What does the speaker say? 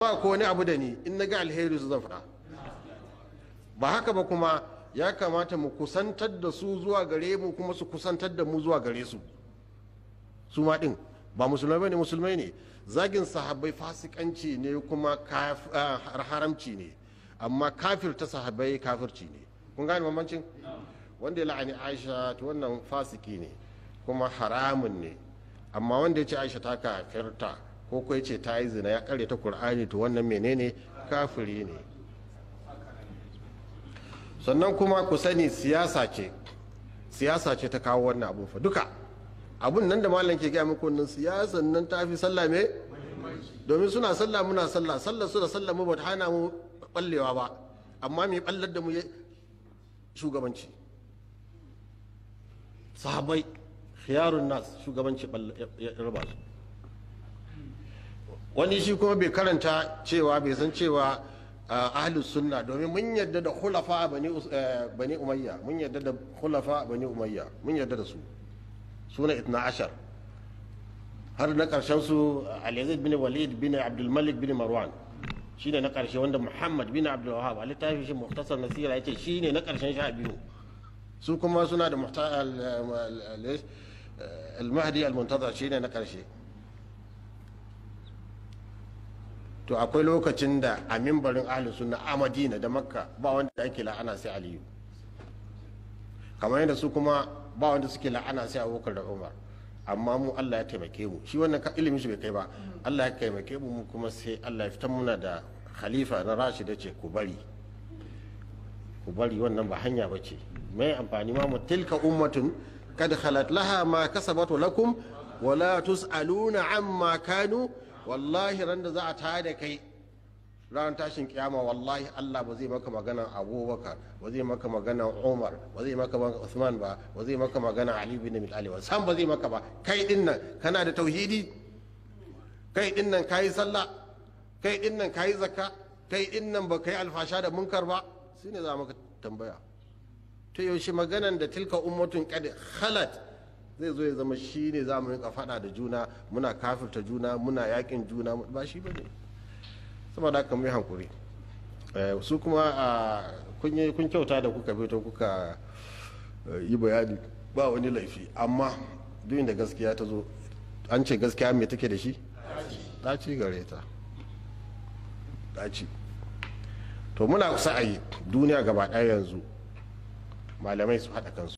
ba ko wani abu da ni in na ga alheri su zan faɗa ba haka ba kuma ya kamata mu kusantar da su zuwa gare mu kuma su kusantar da mu zuwa gare su su ma ɗin ba musulmai ne musulmai ne zagin sahabbai fasikanci ne kuma haramci ne amma kafir ta sahabbai kafirci ne kun gane bambancin wanda ya la'ani aisha ta wannan fasiki ne kuma haramun ne amma wanda ya ce aisha ta kafirta ko ko ce ta yi zina ya karyata qur'ani to wannan menene kafiri ne sannan kuma ku sani siyasa ce siyasa ce ta kawo wannan abun fa duka abun nan da malam ke ga muku nan siyasan nan ta fi sallah me domin suna sallah muna sallah sallar su da sallah mu bata hana mu ballewa ba amma mai ballar da mu shugabanci sahabai khiyarun nas shugabanci ya raba su wani shi kuma bai karanta cewa bai san cewa ahlus sunna domin mun yadda da hulafa eh, bani umayya mun yadda da hulafa bani umayya mun yadda da su suna itna ashar har na karshen su al-yazid bin walid bin abdul malik bin marwan shine na karshe wanda muhammad bin abdul wahab al-tafi shi muhtasar nasira shi ne na karshen sha biyu su kuma suna da muhtasar al-mahdi al Muntaza shi ne na karshe to akwai lokacin da a mimbarin ahli suna a madina da makka ba wanda ake la'ana sai aliyu kamar yadda su kuma ba wanda suke la'ana sai abokan da umar amma mu allah ya taimake mu shi wannan ilimin shi bai kai ba allah ya taimake mu mu kuma sai allah ya fitar muna da khalifa na rashi da ce ku bari ku bari wannan ba hanya ba ce mai amfani ma mu tilka ummatun kad khalat laha ma kasabatu lakum wala tus'aluna amma kanu wallahi ran da za a tare da kai ran tashin kiyama wallahi Allah ba zai maka magana Abubakar ba zai maka magana Umar ba zai maka magana Usman ba ba zai maka magana Ali bin Abi Talib san ba zai maka ba kai din nan kana da tauhidi kai din nan kai sallah kai din nan kai zakka kai din nan ba kai alfasha da munkar ba ne za maka tambaya to yaushe maganan da tilka ummatun qad khalat zai zo ya zama shi ne za mu rinka faɗa da juna muna kafirta juna muna yakin juna ba shi ba ne saboda haka yi hankuri eh, su kuma a kun kyauta da kuka fito kuka eh, yi bayani ba wani laifi amma duk da gaskiya ta zo an ce gaskiya me take da shi ɗaci gare ta ɗaci to muna kusa a yi duniya gaba ɗaya yanzu malamai su haɗa kansu